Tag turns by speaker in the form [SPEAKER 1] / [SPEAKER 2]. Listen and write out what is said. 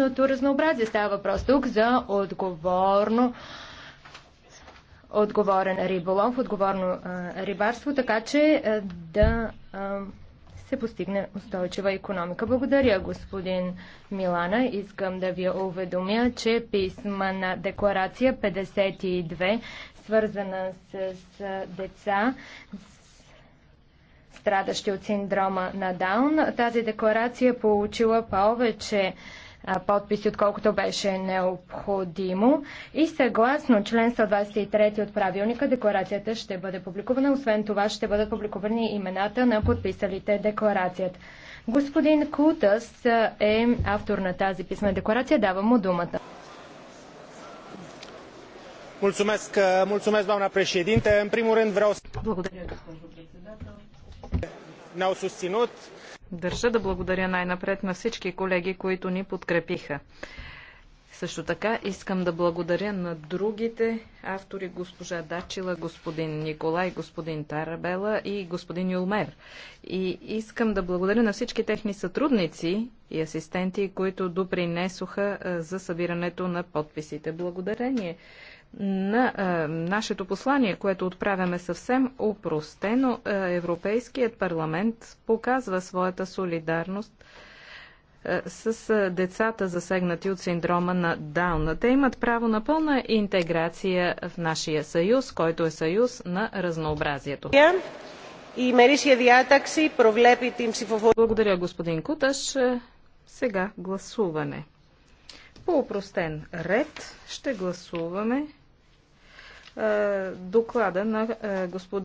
[SPEAKER 1] биологичното разнообразие. Става въпрос тук за отговорно отговорен риболов, отговорно а, рибарство, така че а, да а, се постигне устойчива економика. Благодаря, господин Милана. Искам да ви уведомя, че писма на декларация 52, свързана с, с деца, страдащи от синдрома на Даун, тази декларация получила повече подписи, отколкото беше необходимо. И съгласно член 123 от правилника, декларацията ще бъде публикувана. Освен това, ще бъдат публикувани имената на подписалите декларацията. Господин Кутас е автор на тази писмена декларация. Давам му думата
[SPEAKER 2] în primul rând vreau să ne au susținut. Държа да благодаря най-напред на всички колеги, които ни подкрепиха. Също така искам да благодаря на другите автори, госпожа Дачила, господин Николай, господин Тарабела и господин Юлмер. И искам да благодаря на всички техни сътрудници и асистенти, които допринесоха за събирането на подписите. Благодарение на е, нашето послание, което отправяме съвсем упростено, е, Европейският парламент показва своята солидарност е, с е, децата, засегнати от синдрома на Дауна. Те имат право на пълна интеграция в нашия съюз, който е съюз на разнообразието. Благодаря, господин Куташ. Сега гласуване. По упростен ред ще гласуваме е, доклада на е, господин